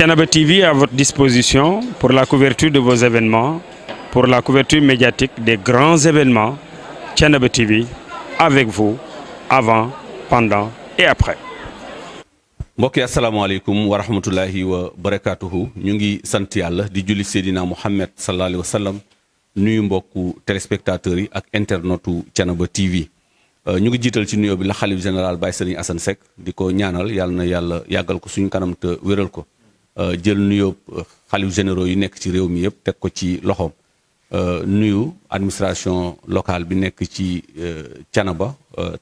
Thiénaba TV à votre disposition pour la couverture de vos événements, pour la couverture médiatique des grands événements. Thiénaba TV avec vous avant, pendant et après. mbokk yi asalaamaaleykum wa rahmatullahi wa barakaatuhu ñu ngi sant yàlla di julli Seydina Muhammad sallallahu alayhi wa nuyu mbokku téléspectateurs yi ak internetu Thiénaba TV. Euh, ñu ngi jiital ci nuyoo bi la xalif général Baye Serigne Assane Seck di ko ñaanal yàlla na yàlla yàggal ko suñu kanam te wéral ko. Euh, jël nuyoo euh, xalif généraux yu nekk ci réew mi yëpp teg ko ci loxoom euh, nuyu administration locale bi nekk ci cana Thiénaba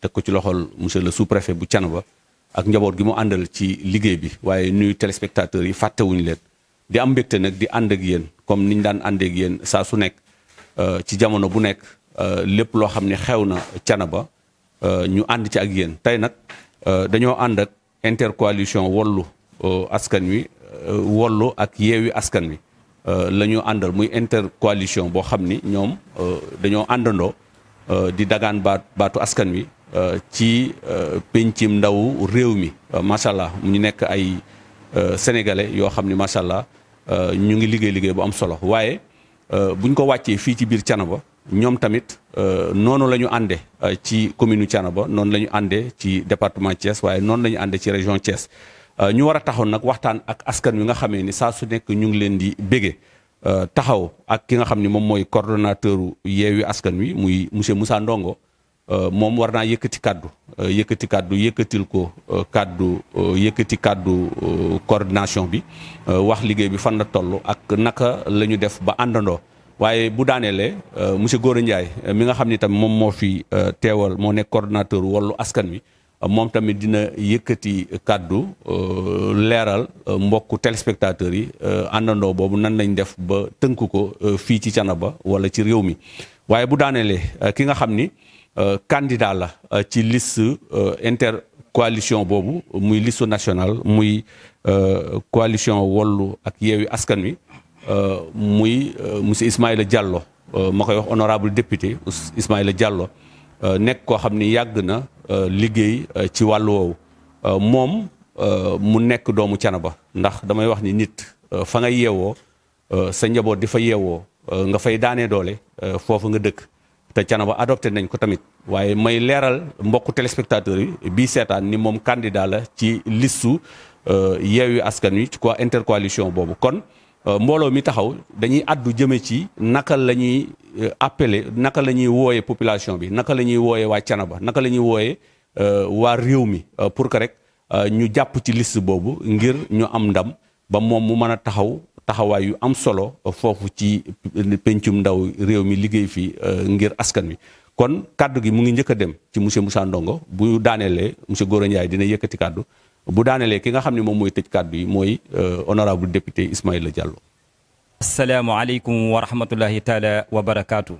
teg ko ci loxol monsieur le sous-préfet bu Thiénaba ak njaboot gi mu àndal ci liggéey bi waaye nuyu téléspectateurs yi fàttewuñu leen di am mbégte nag di ànd ak yéen comme niñ daan àndee ak saa su nekk ci jamono bu nekk lépp loo xam ne xew na cana Thiénaba ñu ànd ci ak yéen tey nag dañoo ànd ak intercoalition wallu askan wi Euh, wollu ak yeewi askan wi euh, la ñu àndal muy intercoalition boo xam ni ñoom euh, dañoo àndandoo di dagaan baat baatu askan wi ci pencim ndaw réew mi macha mu ñu nekk ay sénégalais yoo xam ni macha allah ñu ngi liggéey liggéey bu am solo waaye buñ ko wàccee fii ci biir Thiénaba ñoom tamit noonu la ñu àndee ci commune Thiénaba noonu la ñu àndee ci département Thiès waaye noonu la ñu àndee ci région Thiès. Euh, ñu war a taxaw nag waxtaan ak askan wi nga xamee ni saa su nekk ñu ngi leen di bége euh, taxaw ak ki nga xam ni moom mooy coordonnateur yeewi askan wi muy monsieur Moussa Ndongo euh, moom war naa yëkkati kàddu yëkkati kàddu yëkkatil ko kàddu yëkkati kàddu coordination bi wax liggéey bi fan la toll ak naka lañu def ba àndandoo waaye bu daanee le daaneelee monsieur Gora Ndiaye mi nga xam ni tam moom moo fi teewal moo nekk coordonnateur wallu askan wi moom tamit dina yëkkati kàddu euh, leeral euh, mbokku téléspectateurs yi euh, àndandoo boobu nan lañ def ba tënk ko fii ci canaba wala ci réew mi waaye bu daaneelee ki nga xam ni candidat la ci liste intercoalition boobu muy liste national muy coalition Wallu ak Yewwi Askan Wi muy monsieur Ismaïla Diallo ma koy wax honorable député Ismaïla Diallo nekk koo xam ni yàgg na Euh, liggéey euh, ci wàll woowu euh, moom mu nekk doomu Thiénaba ndax damay wax ni nit fa nga yeewoo sa njaboot di fa yeewoo nga fay daanee doole foofu nga dëkk te Thiénaba adopté nañ ko tamit waaye may leeral mbokku téléspectateur yi bii seetaan ni moom candidat la ci listu yeewi askan wi ci quoi intercoalition boobu kon Euh, mbooloo mi taxaw dañuy addu jëme ci naka la ñuy euh, appeler naka la ñuy wooyee population bi naka la ñuy wooyee waa Thiénaba naka la ñuy wooyee euh, waa réew mi pour que rek ñu jàpp ci list boobu ngir ñu am ndam ba moom mu mën a taxaw taxawaay yu am solo foofu ci pencum ndaw réew mi liggéey fii ngir askan wi. kon kaddu gi mu ngi njëkk a dem ci monsieur Moussa Ndongo bu daanelee monsieur Gora Ndiaye dina yëkkati kaddu. bu daanelee ki nga xam ne moom mooy tëj kàddu yi mooy euh, honorable député Ismaïla Diallo. asalaamaaleykum wa rahmatullahi taala wa barakaatu.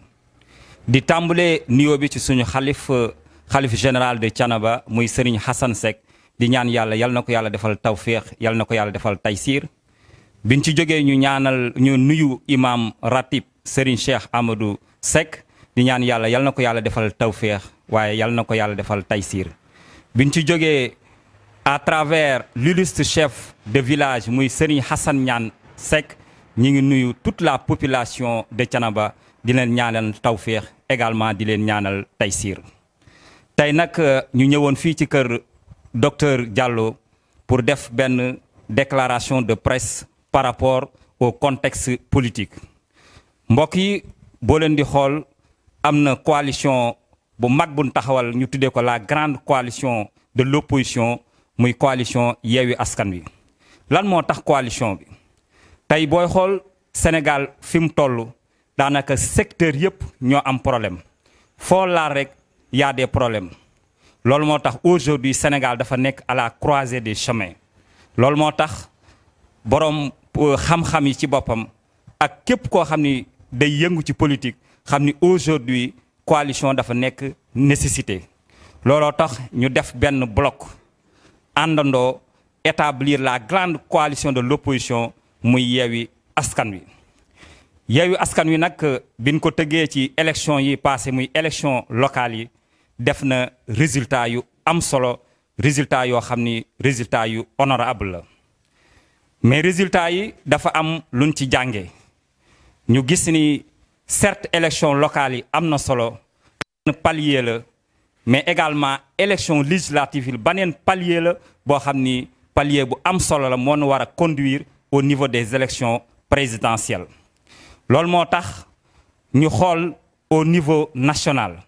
di tàmbalee nuyoo bi ci suñu xalif xalif général de Thiénaba muy Serigne Hassan Seck di ñaan yàlla yal na ko yàlla defal tawféex yal na ko yàlla defal taysiir biñ ci jógee ñu ñaanal ñu nuyu imaam ratib Serigne Cheikh Amadou Seck di ñaan yàlla yal na ko yàlla defal tawféex waaye yal na ko yàlla defal taysiir biñ à travers l'illustre chef de village muy Serigne Hassan Niane Seck ñu ngi nuyu toute la population de ba di leen ñaanal tawféex également di leen ñaanal taysiir tey nag euh, ñu ñëwoon fii ci kër docteur Diallo pour def benn déclaration de presse par rapport au contexte politique mbokk yi boo leen di xool am na coalition bu mag buñ taxawal ñu tuddee ko la grande coalition de l'opposition muy coalition Yewwi Askan Wi lan moo tax coalition bi tey booy xool Sénégal fi mu toll daanaka secteur yëpp ñoo am problème foo laal rek yaa a des problèmes loolu moo tax aujourd'hui Sénégal dafa nekk à la croisée des chemins loolu moo tax boroom euh, xam-xam yi ci boppam ak képp koo xam ni day yëngu ci politique xam ni aujourd'hui coalition dafa nekk nécessité looloo tax ñu def benn bloc àndandoo établir la grande coalition de l'opposition muy Yewwi Askan Wi Yewwi Askan Wi nag euh, biñ ko tëggee ci élection yi passé muy élection locale yi def na résultat yu am solo résultat yoo xam ni résultat yu honorable la mais résultat yi dafa am luñ ci jànge ñu gis ni certes élection locale yi am na solo palier la mais également élection législative yi baneen palier la boo xam ni palier bu am solo la moo nu war a conduire au niveau des élections présidentielles loolu moo tax ñu xool au niveau national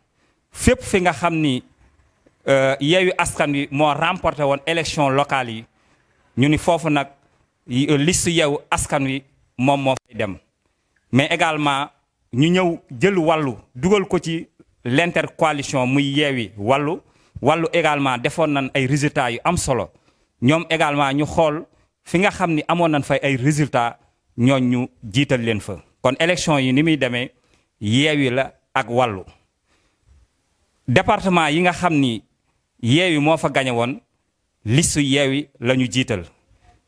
fépp fi nga xam ni euh, yeewu askan wi moo remporté woon élection locale yi ñu ni foofu nag euh, liste yeewu askan wi moom moo fay dem mais également ñu ñëw jël wàllu dugal ko ci l'intercoalition muy yeewi wàllu wàllu également defoon nañ ay résultats yu am solo ñoom également ñu xool fi nga xam ni amoon nañ fay ay résultat ñooñ ñu jiital leen fa. kon élection yi ni muy demee yeewi la ak wàllu département yi nga xam ni yeewi moo fa gañe woon listu yeewi la ñu jiital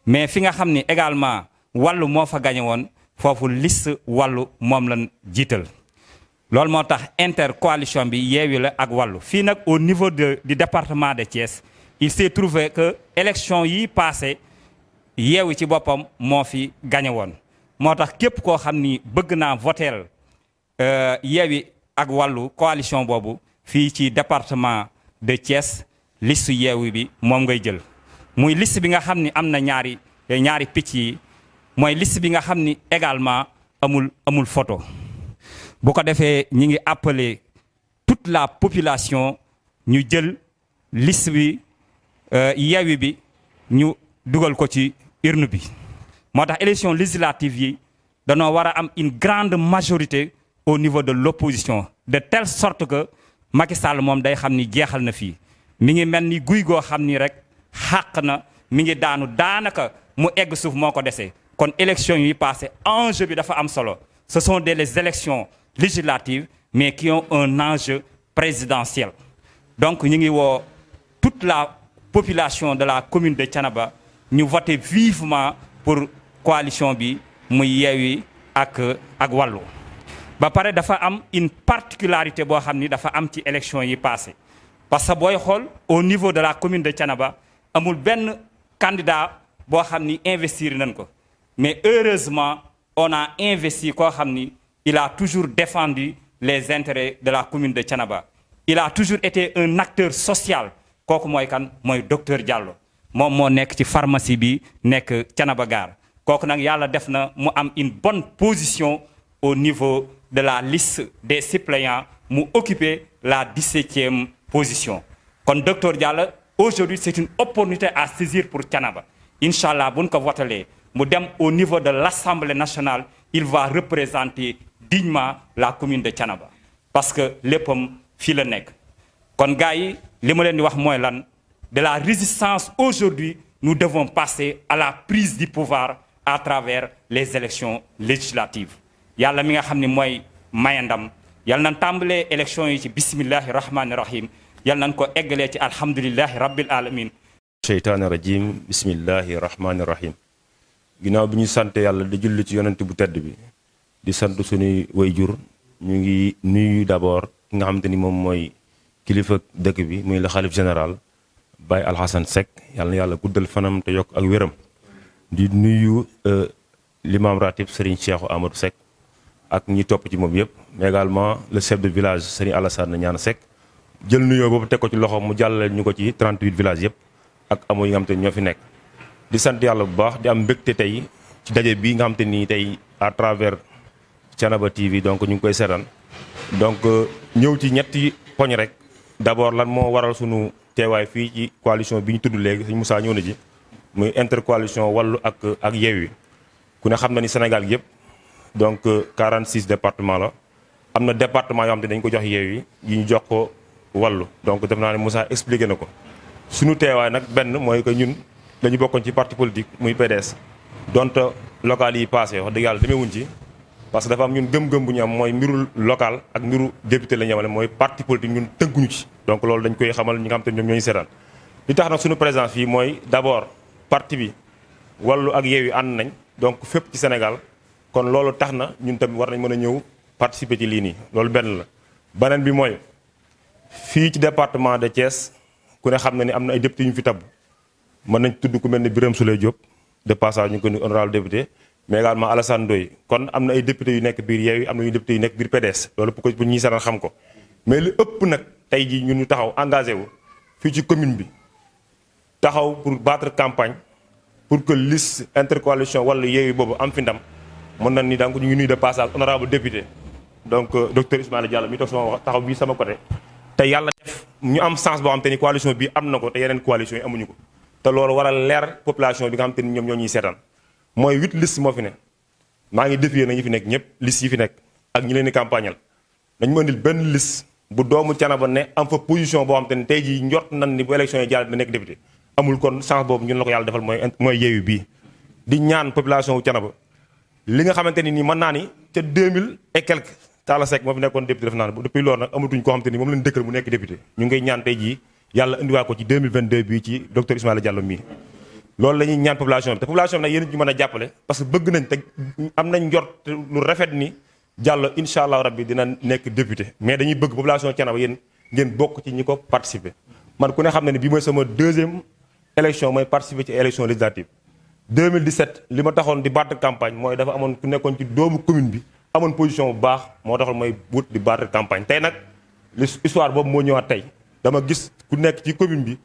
mais fi nga xam ni également wàllu moo fa gañe woon foofu liste wàllu moom lañ jiital. loolu moo tax intercoalition bi yeewi la ak wàllu fii nag au niveau de du département de Thiès il s'est trouvé que élection yi passé yeewi ci boppam moo fi gañe moo tax képp koo xam ni bëgg naa voteel euh, yeewi ak wàllu coalition boobu fii ci département de Thiès liste yeewi bi moom ngay jël muy liste bi nga xam ni am na ñaari ñaari picc yi mooy liste bi nga xam ni également amul amul photo bu ko defee ñi ngi appeler tout la population ñu jël liste bi euh, yeewi bi ñu dugal ko ci urne bi moo tax élection législative yi danoo war a am une grande majorité au niveau de l'opposition de telle sorte que Macky Sall moom day xam ni jeexal na fii mi ngi mel ni guy goo xam ni rek xàq na mi ngi daanu daanaka mu egg suuf moo ko desee kon élection yi passé enjeu bi dafa am solo ce sont des les élections législatives, mais qui ont un enjeu présidentiel. Donc, ñu ngi woo toute la population de la commune de Tianaba, nous votons vivement pour la coalition bi, Mouyewi ak Agwalo. ba pare dafa am une particularité boo xam ni dafa am ci élection yi passé parce que booy xool au niveau de la commune de Thiénaba amul benn candidat boo xam ni investir nañ ko mais heureusement on investi koo xam ni il a toujours défendu les intérêts de la commune de canaba il a toujours été un acteur social kooku mooy kan mooy docteur Diallo moom moo nekk ci pharmacie bi nekk Thiénaba Gare kooku nag yàlla def na mu am une bonne position au niveau de la liste des suppléants mu occuper la 17e position kon docteur Diallo aujourd'hui c'est une opportunité à saisir pour canaba incha allah buñ ko votalee mu dem au niveau de l'Assemblée nationale il va représenter dignement la commune de Thiénaba parce que léppam fii la nekk kon gars yi li ma leen di wax mooy lan de la résistance aujourd'hui nous devons passer à la prise du pouvoir à travers les élections législatives yàlla mi nga xam ni mooy maye ndam yal nañ tàmbalee élections yi ci bismillahi rahmaani rahim yal nañ ko eggalee ci alhamdulillahi rabbil alamin cheytaani rajim bismillahi rahmaani rahim ginnaaw bi ñu sant yàlla di julli ci yonent bu tedd bi di sant suñuy jur ñu ngi nuyu d'abord ki nga xamante ni moom mooy kilifa dëkk bi muy la xalif général Baye Alxasan Seck yàlla na yàlla guddal fanam te yokk ak wéram di nuyu euh, l'imam ratib Serigne Cheikh amatu Seck ak ñi topp ci moom yëpp mais également le chef village village Serigne Alassane Niane Seck jël nuyoo boobu teg ko ci loxo mu jàllale ñu ko ci 38 village yëpp ak amoo yi nga xamante ni ñoo fi nekk di sant yàlla bu baax di am mbégte tey ci daje bii nga xamante ni tey à travers. Thiénaba TV donc ñu ngi koy seetaan donc euh, ñëw ci ñetti poñ rek d'abord lan moo waral sunu teewaay fii ci coalition bi ñu tudd léegi sëñ Moussa ñëw na ji muy intercoalition wallu ak ak yi ku ne xam na ni Sénégal yëpp donc 46 euh, département la am na département yoo xam ne dañ ko jox Yewwi yi ñu jox ko wallu donc def naa ne Moussa expliqué na ko suñu teewaay nag benn mooy que ñun lañu bokkoon ci parti politique muy PDS donte local yi passé wax dëgg yàlla demewuñ ci parce que dafa am ñun gëm-gëm bu ñu am mooy mbiru local ak mbiru député la ñu amale mooy parti politique ñun tënkuñu ci donc loolu dañ koy xamal ñi nga xam te ñoom ñooñu seetaan li tax nag suñu présence fii mooy d'abord parti bi wallu ak yeew yi ànd nañ donc fépp ci Sénégal kon loolu tax na ñun tamit war nañ mën a ñëw participer ci lii nii loolu benn la beneen bi mooy fii ci département de Thiès ku ne xam na ni am na ay député yu ñu fi tabb mën nañ tudd ku mel ni Birame Souleye Diop de passage ñu ngi ko ni honorable député mais également Alassane Ndoye kon am na ay député yu nekk biir Yewwi am na ay député yu nekk biir PDS loolu bu ko bu ñuy xam ko mais li ëpp nag tey jii ñun ñu taxaw engagé wu fii ci commune bi taxaw pour battre campagne pour que liste intercoalition wala Yewwi boobu am fi ndam mën na ni donc ñu ngi nuyu de passage honorable député donc euh, docteur Ismaïla Diallo mi toog sama wax taxaw sama côté te yàlla def ñu am sens boo xam coalition bi am na ko te yeneen coalition yi amuñu ko te loolu war a leer population bi nga xam te ni ñoom ñoo ñuy seetaan mooy huit liste moo fi ne maa ngi défier na ñu fi nekk ñëpp liste yi fi nekk ak ñi leen di campagnal nañu ma indil benn liste bu doomu Thiénaba ne am fa position boo xam te ne tey jii njort nan ni bu élection kon chance boobu la defal mooy mooy yeewu bii di ñaan population wu Thiénaba li nga xamante ni nii mën naa ni ca 2000 et quelque Talla Seck moo fi nekkoon député def naa ne depuis loolu nag amatuñ koo xam te ni moom leen dëkkal mu nekk député ñu ngay ñaan tey jii yàlla indiwaat ko ci 2022 bii ci docteur Ismaïla Diallo mii loolu la ñuy ñaan population bi te population bi nag yéen ñu mën a jàppale parce que bëgg nañ te am nañ njort lu rafet ni Diallo incha allah rab bi dina nekk député mais dañuy bëgg population Thiénaba yéen ngeen bokk ci ñi ko participer. man ku ne xam ne ne bii mooy sama deuxième élection mooy participer ci élection législative 2017 li ma taxoon di battre campagne mooy dafa amoon ku nekkoon ci doomu commune bi amoon position bu baax moo taxoon mooy wut di battre tey nag l'histoire boobu moo ñëwaat tey dama gis ku nekk ci commune bi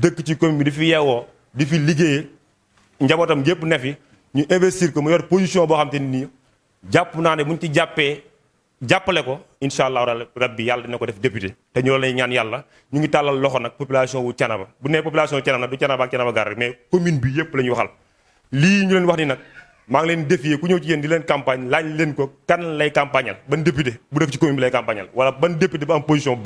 dëkk ci commune di fi yeewoo. di fi liggéeyee njabootam gépp ne fi ñu investir ko mu yor position boo xam te nii jàpp naa ne bu ñu ci jàppee jàppale ko incha allah rabbi yàlla dina ko def député te ñu lay ñaan yàlla ñu ngi tàllal loxo nag population wu Thiénaba bu nee population wu Thiénaba du Thiénaba ak Thiénaba gar rek mais commune bi yëpp la ñuy waxal lii ñu leen wax ni nag maa ngi leen défier ku ñëw ci yéen di leen campagne laaj leen ko kan lay campagnal ban député bu def ci wala ban député am position bu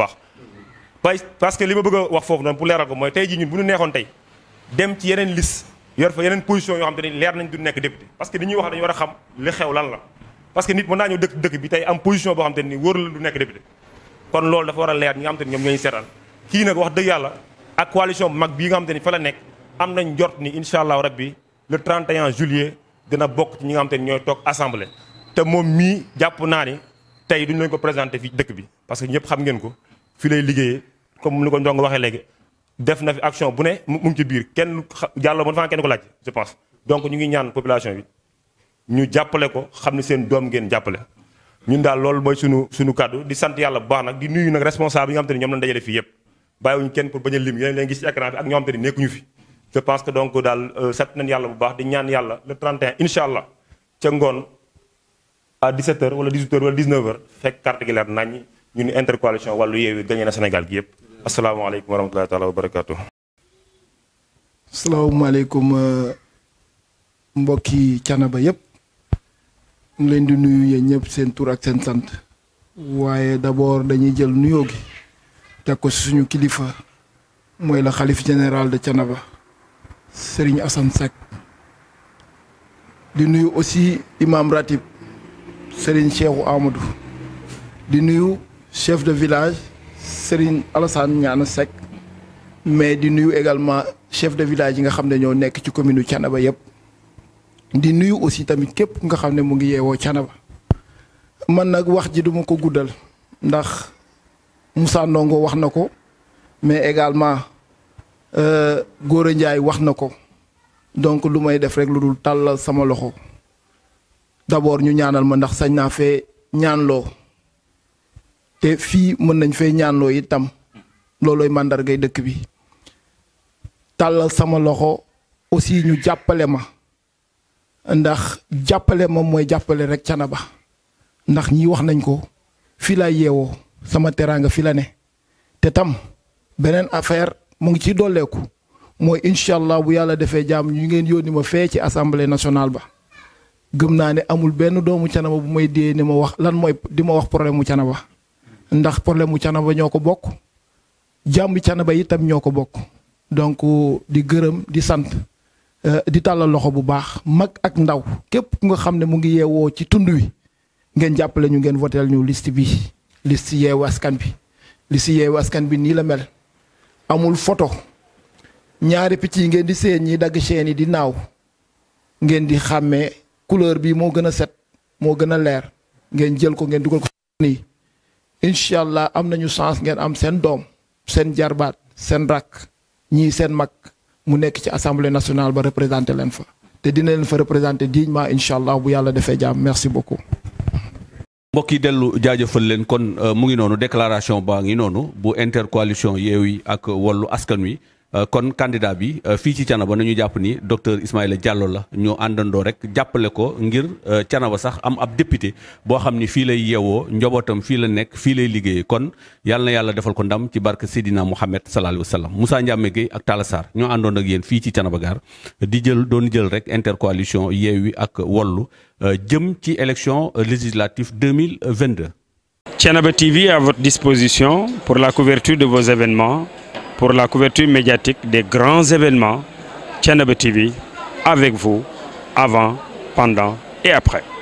baax parce que li ma wax foofu noonu pour leeral ko tey jii ñun bu ñu neexoon dem ci yeneen liste yor fa yeneen position yoo xam te ne leer nañ du nekk député parce que li ñuy wax dañu a xam xew lan la parce que nit mën naa ñëw dëkk dëkk bi tey am position boo xam te ni wóor la du nekk député kon loolu dafa war a leer ñi nga xam te ni ñoom ñooñu seetal kii nag wax dëgg yàlla ak coalition bu mag bii nga xam te ni fa la nekk am nañ jort ni allah allahu rabbi le 31 juillet dina bokk ci ñi nga xam te ni ñooy toog assemblée te moom mii jàpp naa ni tey duñu leen ko présenté fii dëkk bi parce que ñëpp xam ngeen ko fi lay liggéeyee comme ni ko Ndong waxee léegi def na fi action bu ne mu ngi ci biir kenn jàlloo man faa kenn ko laaj je pense donc ñu ngi ñaan population bi ñu jàppale ko xam ne seen doom ngeen jàppale ñun daal lool mooy sunu suñu kàddu di sant yàlla bu baax nag di nuyu nag yi nga xam te ne ñoom lañ dajale fii yëpp bàyyiwuñu kenn pour bañ a lim yéen gis ci écran ak ñoo xam te ne nekkuñu fi je pense que donc daal euh, sant nañ yàlla bu baax di ñaan yàlla le 31 incha allah ca ngoon à 17h wala 18h wala 19h fekk carte gi leer nañ ñu ni intercoalition wàllu yeewi gagné na Sénégal yëpp asalaamaaleykum wa rahmatullahi taala wa barakaatu. asalaamaaleykum euh, mbokki canaba yëpp leen di nuyu yéen ñëpp seen tur ak seen sant waaye d'abord dañuy jël nuyoo gi teg ko si suñu kilifa mooy la xalif général de canaba Serigne Assane Seck di nuyu aussi imam ratib Serigne Cheikhou Amadou di nuyu chef de village. Serigne Alassane Niane Seck mais di nuyu également chef de village yi nga xam ne ñoo nekk ci commune u Thiénaba yëpp di nuyu aussi tamit képp nga xam ne mu ngi yeewoo Thiénaba man nag wax ji duma ko guddal ndax Moussa Ndongo wax na ko mais également euh, Gora Ndiaye wax na ko donc lu may def rek lu dul tàllal sama loxo d'abord ñu ñaanal ma ndax sañ naa fee ñaanloo te fii mën nañ fay ñaanloo itam loolooy màndargay dëkk bi tàllal sama loxo aussi ñu jàppale ma ndax jàppale ma mooy jàppale rek Canaba ndax ñii wax nañ ko fii laa yeewoo sama teraanga fi la ne te tam beneen affaire mu ngi ci dolleeku mooy incha allah bu yàlla defee jàmm ñu ngeen yónni ma fee ci assemblée nationale ba gëm naa ne amul benn doomu Canaba bu may dee ni ma wax lan mooy di ma wax problème mu Canaba ndax problème mu Canaba ñoo ko bokk jàmm Canaba itam ñoo ko bokk donc di gërëm di sant euh, di tàllal loxo bu baax mag ak ndaw képp ku nga xam ne mu ngi yeewoo ci tund wi ngeen jàppale ñu ngeen voteel ñu liste bi liste yeewu askan bi liste yeewu askan bi nii la mel amul foto ñaari picc yi ngeen di seen ñi dagg seen yi di naaw ngeen di xàmmee couleur bi moo gën a set moo gën a leer ngeen jël ko ngeen dugal ko nii incha allah am nañu chance ngeen am seen doom seen jarbaat seen rakk ñii seen mag mu nekk ci assemblée nationale ba représenté leen fa te dina leen fa représenté dignement incha allah bu yàlla defee jàmm merci beaucoup. mbokk yi dellu jaajëfal leen kon euh, mu ngi noonu déclaration baa ngi noonu bu intercoalition yi ak Wallu Askan Wi. Euh, kon candidat bi euh, fii ci Thiénaba nañu jàpp ni docteur Ismaïla Diallo la ñu àndandoo rek jàppale ko ngir euh, Thiénaba sax am ab député boo xam ni fii lay yeewoo njobootam fii la nekk fii lay liggéeyee kon yàlla yàlla defal ko ndam ci barke Seydina Mouhamed sallallahu alayhi wa sallam Moussa Ndiame Gueye ak Talla Sarr ñoo àndoon ak yéen fii ci Thiénaba Gare di jël doon jël rek intercoalition Yewwi ak Wallu jëm ci élection législative 2022. Thiénaba TV à votre disposition pour la couverture de vos événements. pour la couverture médiatique des grands événements Thiénaba TV avec vous avant, pendant et après.